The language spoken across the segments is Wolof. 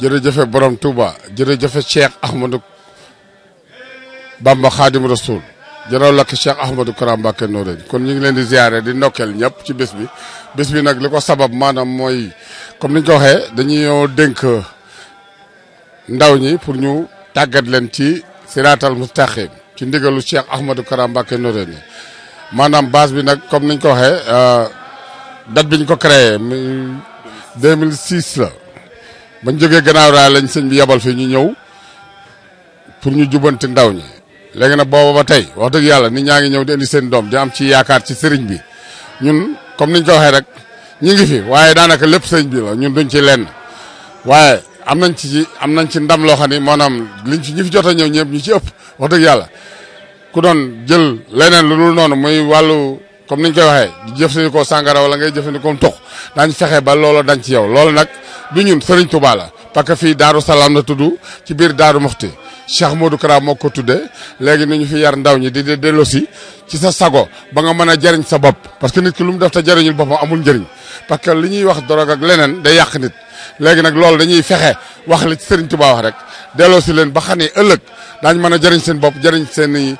jërëjëfe borom Touba jërëjëfe Cheikh Ahmadou Bamba Khadim Rasoul jërëw lakk Cheikh Ahmadou Kara Mbacké Noreyni kon ñu ngi leen di ziare di nokkeel ñëpp ci bis bi bés bi nag li ko sabab maanaam mooy comme ni ñu ko waxee dañuy dénk ndaw ñi pour ñu tàggat leen ci siraatal mustaqim ci ndigalu Cheikh Ahmadou Kara Mbacké Noreyni maanaam base bi nag comme ni ñu ko waxee euh, date bi ñu ko créé 2006 la. bañ jógee gannaaw raay lañ sëñ bi yebal fi ñu ñëw pour ñu jubanti ndaw ñi léegi nag booba ba tey wax dëgg yàlla nit ñaa ngi ñëw di indi seen doom di am ci yaakaar ci sëriñ bi ñun comme niñ ko waxee rek ñu ngi fi waaye daanaka lépp sëriñ bi la ñun duñ ci lenn waaye am nañ ci am nañ ci ndam loo xam ni maanaam liñ ci ñi fi jot a ñëw ñëpp ñu ci ëpp wax dëgg yàlla ku doon jël leneen lu dul noonu muy wàllu comme niñ koy waxee jëf jëfandikoo sàngara wala ngay jëfandikoo tux daañ fexe ba looloo dañ ci yow loolu nag du ñun Serigne Touba la parce que fii Daaru Salaam na tudd ci biir Daaru Moxti Cheikh Modou Kara moo ko tuddee léegi nañu fi yar ndaw ñi di de dellosi ci sa sago ba nga mën a jariñ sa bopp parce que nit ki lu mu def te jariñul boppam amul njëriñ parce que li ñuy wax drogue ak leneen da yàq nit léegi nag loolu dañuy fexe wax li ci Serigne Touba wax rek delloosi leen ba xanee ëllëg daañu mën a jariñ seen bopp jariñ seen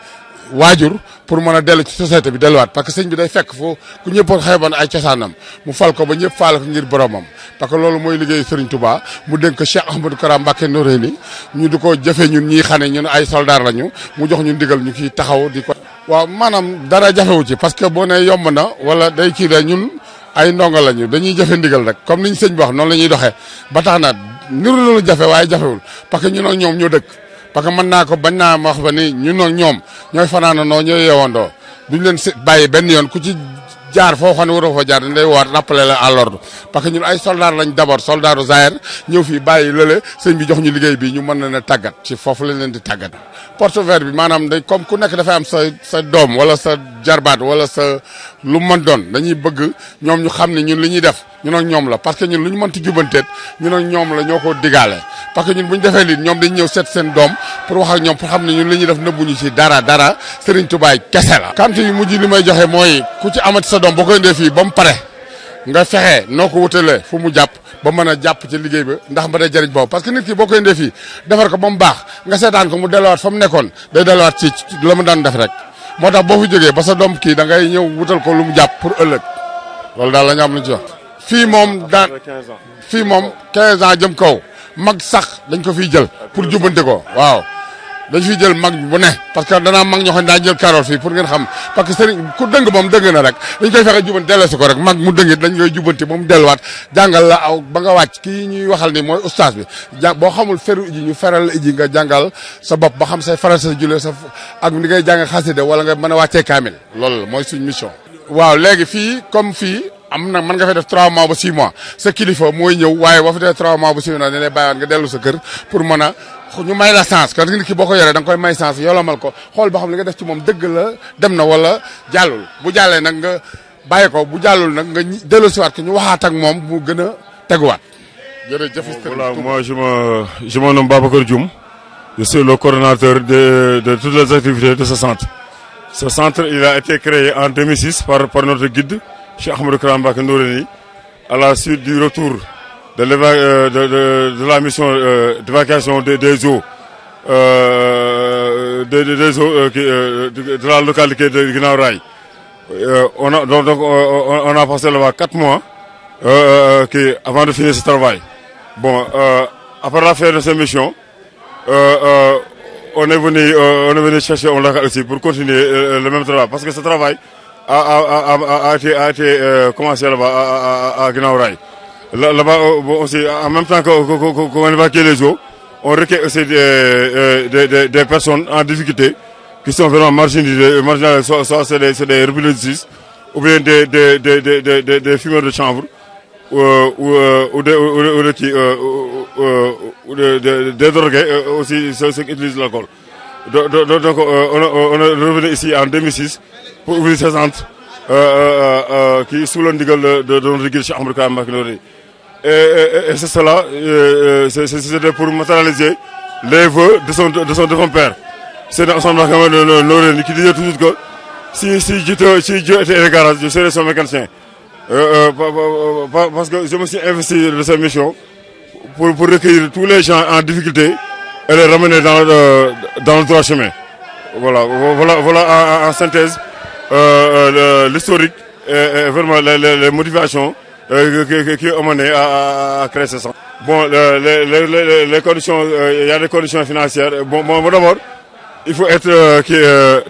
waajur pour mën a dellu ci société bi delluwaat parce que sëñ bi day fekk foo ku ñëpp xeeboon ay cosaanam mu fal ko ba ñëpp faal ko ngir boromam parce que loolu mooy liggéey Serigne Touba mu dénk Cheikh Ahmadou Kara Mbacké Noreyni ñu di ko jëfe ñun ñii xane ñun ay soldaar lañu mu jox ñu digal ñu kii taxaw di ko. waaw maanaam dara jafewu ci parce que boo ne yomb na wala day kii da ñun ay ndongo lañu dañuy jëfe ndigal rek comme niñ sëñ bi wax noonu la ñuy doxee ba tax na niru loolu jafe waaye jafewul parce que ñun ak ñoom ñoo dëkk. parce que mën naa ko bañ naa ma wax ba ni ñun ak ñoom ñooy fanaanandoo ñooy yeewandoo duñ leen bàyyi benn yoon ku ji jaar foo xam ne waroo fa jaar dañ lay war rappeler la à l'ordre parce soldaaru Zaire ñëw fii bàyyi lële sëñ bi jox ñu liggéey bi ñu mën leen a tàggat ci foofu lañ leen di tàggat porte vert bi maanaam dañ comme ku nekk dafay am sa sa doom wala sa jarbaat wala sa lu mën doon dañuy bëgg ñoom ñu xam ne ñun li ñuy def ñun ak ñoom la parce que ñun lu ñu mënti jubanteet ñun ak ñoom la ñoo ko digaale parce que ñun bu ñu defee lii ñoom dañ ñëw seet seen doom pour wax ak ñoom pour xam ne ñun li ñuy def nëbbuñu ci dara dara Serigne Touba kese la may joxe mooy ku ci amat sa doom boo koy indee fii ba mu pare nga fexe noo ko wutalee fu mu jàpp ba mën a ba ndax ma day jëriñ boobu parce que nit ki boo koy indee fii defar ko ba mu baax nga seetaan ko mu delluwaat fa mu nekkoon day delluwaat ci la mu daan def moo tax boo fi jógee ba sa doom kii da ñëw wutal ko lu mu jàpp pour ëllëg loolu daal la ñu am lu ñu ci fii moom daan fii moom 15 ans jëm kaw mag sax dañ ko fi jël pour jubbante ko waaw. dañ fi jël mag bu ne parce que danaa mag ñoo xam daa jël karool fii pour ngeen xam parce que sëriñ ku dëng moom dëng na rek dañ koy fexe jubanti delleesi ko rek mag mu dëngit dañ koy jubanti moom delluwaat jàngal la aw ba nga wàcc kii ñuy waxal ni mooy ustaas bi ja boo xamul feru iji ñu feral la nga jàngal sa bopp ba xam say français julee sa ak ni ngay jàng xasida wala nga mën a wàccee kaamil loolu mooy suñ mission waaw léegi fii comme fii amna man nga fay def 3 mois ba 6 mois Ce kilifa moy ñëw waye boo fa def 3 mois ba 6 mois dañ lay bàyyiwaat nga delu sa kër pour mën ñu may la sens. kan nga ki boko ko yoree da koy may chance yolomal ko xol ba xam li nga def ci mom deug la dem na wala jallul bu jallé nak nga bàyyi ko bu jallul nak nga dellu siwaat ko ñu waxat ak moom mu gën a teguwaat. voilà moi je me je me nomme Babacar Dioum je suis le coordonnateur de de toutes les activités de ce centre. Ce centre il a été créé en 2006 par par notre guide chez Ahmed Kramba Nourini, à la suite du retour de, euh, la mission de euh, d'évacuation des, eaux, de, la localité de Guinaouraï. Euh, on, a, passé là-bas 4 mois avant de finir ce travail. Bon, après la fin de cette mission, on est venu, chercher on aussi pour continuer le même travail. Parce que ce travail, a, a, été commencé là-bas, à, Gnaouraï. Là-bas aussi, en même temps qu'on évacue les eaux, on recueille aussi des, personnes en difficulté qui sont vraiment marginalisées, soit, soit c'est des, des rebelles ou bien des, des, des, des, fumeurs de chanvre, ou, ou, des drogués, aussi ceux qui utilisent l'alcool. Donc, on, est revenu ici en 2006 pour ouvrir ses euh, euh, euh, euh, qui sous le de, Don de notre guide Cheikh Et, et, c'est cela, c'est pour matérialiser les voeux de son, de son défunt père. C'est dans son de qui disait toujours que si, si, si Dieu était garage, je serais son mécanicien. Euh, euh, parce que je me suis investi dans cette mission pour, pour recueillir tous les gens en difficulté et les ramener dans le, dans le droit chemin. Voilà, voilà, en synthèse l'historique et, vraiment les, les motivations qui, qui ont mené à, à, créer ce centre. Bon, les, les, les conditions, il y a des conditions financières. Bon, bon d'abord, il faut être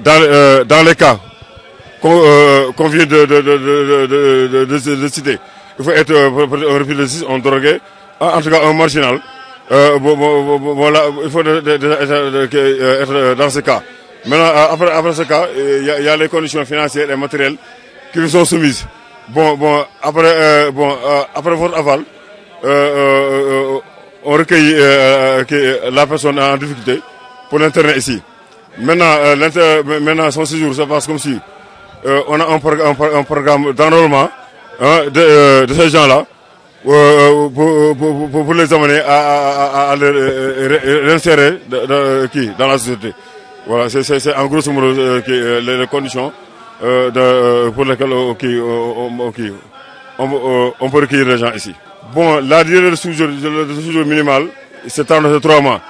dans, dans les cas qu'on vient de, de, de, de, citer. Il faut être un on un drogué, en tout cas un marginal. bon voilà, il faut être dans ces cas. Maintenant, après, ce cas, il euh, y, a les conditions financières et matérielles qui vous sont soumises. Bon, bon, après, euh, euh, après votre aval, on recueille la personne en difficulté pour l'internet ici. Maintenant, maintenant, son séjour, ça passe comme si on a un, programme d'enrôlement hein, de, ces gens-là pour, pour, les amener à, à, à, les réinsérer dans la société. Voilà, c'est en gros modo euh, euh, les, conditions euh, de, euh, pour lesquelles on, on, peut recueillir les gens ici. Bon, la durée de séjour, minimale, c'est de trois mois.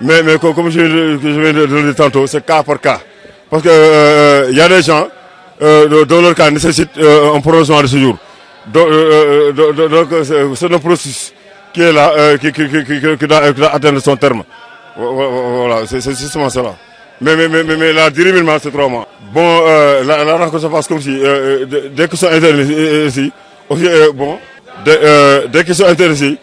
Mais, mais comme je, je viens de le dire tantôt, c'est cas par cas. Parce qu'il il y a des gens dans leur cas nécessite un prolongement de séjour. Donc, c'est le processus qui est là, qui, qui, qui, qui doit atteindre son terme. Voilà, c'est justement cela. Mais, mais, mais, mais, la c'est trois mois. Bon, euh, la, la, rencontre se passe comme si, euh, euh, dès qu'ils sont intéressés, ici, bon, dès euh, qu'ils sont intéressés,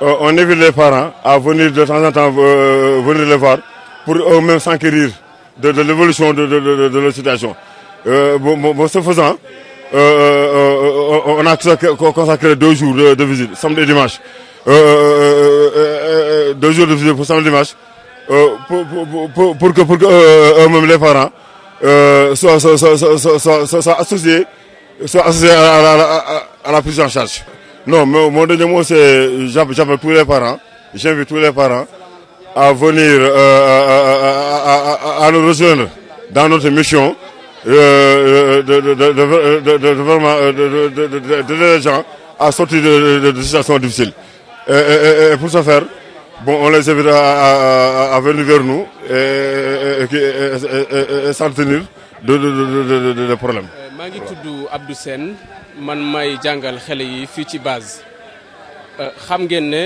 on évite les parents à venir de temps en temps venir les voir pour eux-mêmes s'enquérir de, l'évolution de, de, de, situation. bon, bon, ce faisant, on a consacré deux jours de, visite, samedi et dimanche. deux jours de visite pour samedi et dimanche pour, que, pour que les parents soient, soient, associés, soient associés à, la, à, la prise en charge. Non, mais mon dernier mot, c'est j'appelle tous les parents, j'invite tous les parents à venir à, nous rejoindre dans notre mission de, de, de, les gens à sortir de, situations difficiles. et pour ce faire, Bon, on les invite à, à, à venir vers nous et, et, et, et s'en tenir de, de, de, de problèmes. Euh, maa ngi tudd Abdou Sène man may jàngal xele yi fii ci base euh, xam ngeen ne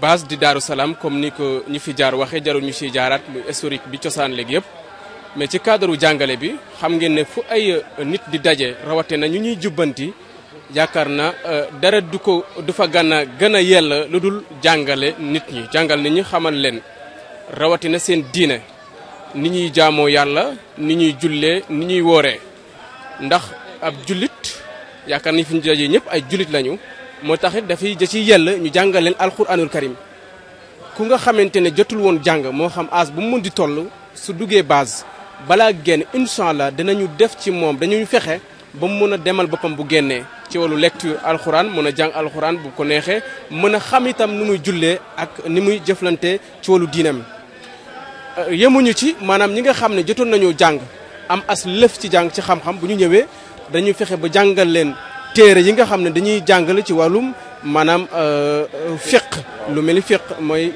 base di Daaru Salaam comme ni ko ñu fi jaar waxee jarul ñu ciy jaaraat muy historique bi cosaan léegi yëpp mais ci cadre jàngale bi xam ngeen ne fu ay nit di daje rawate na ñu ñuy jubbanti. yaakaar na euh, dara du ko du fa gën a gën a yella lu dul jàngale nit ñi jàngal nit ñi xamal leen rawatina seen diine ni ñuy jaamoo yàlla ni ñuy jullee ni ñuy wooree ndax ab jullit yaakaar nañ fi ñu dajee ñëpp ay jullit lañu moo taxit dafay ja ci yell ñu jàngal leen alxuraanul karim ku nga xamante ne jotul woon jàng moo xam as bu mu mën di toll su duggee base balaa génn incha allah dinañu def ci moom dañuy fexe ba mu mën a demal boppam bu génnee ci wàllu lecture alxuraan mën a jàng alxuraan bu ko neexee mën a xam itam nu muy jullee ak ni muy jëflante ci wallu diinam euh, yemuñu ci maanaam ñi nga xam ne jotoon nañu jàng am as lëf ci jàng ci xam-xam bu ñu ñëwee dañuy fexe ba jàngal leen téere yi nga xam ne dañuy jàngale ci wàllum maanaam euh, euh, fiq lu mel ni fiq mooy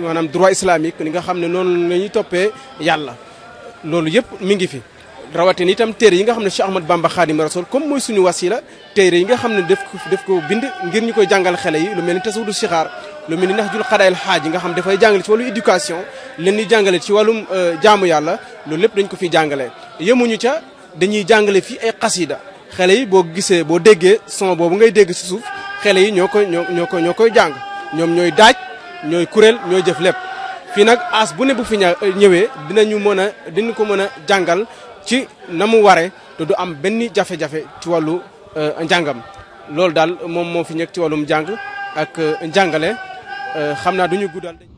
maanaam droit islamique ni nga xam ne noonu la ñuy toppee yàlla loolu yëpp mu ngi fi. ni itam téere yi nga xam ne Cheikh Ahmad Bamba Xaadimu Rasuul comme mooy suñu wasila téere yi nga xam ne def ko def ko bind ngir ñu koy jàngal xale yi lu mel ni tasawudu sixaar lu mel ni nax jul xadaayal xaaj yi nga xam dafay jàngale ci wàllu éducation leen ñuy jàngale ci wàllum euh, jaamu yàlla loolu lépp dañ ko fi jàngale yemuñu ca dañuy jàngale fii ay xasida xale yi boo gisee boo déggee son boobu ngay dégg si suuf xale yi ñoo koy ñoo koy ñoo koy jàng ñoom ñooy daaj ñooy kuréel ñooy jëf lépp fii nag as bu ne bu fi ñëwee dinañu mën a dinañ ko mën a jàngal ci na mu waree te du am benn jafe-jafe ci wàllu euh, njàngam loolu daal moom moo fi nekk ci wàllum njàng ak euh, njàngale euh, xam naa du ñu guddal.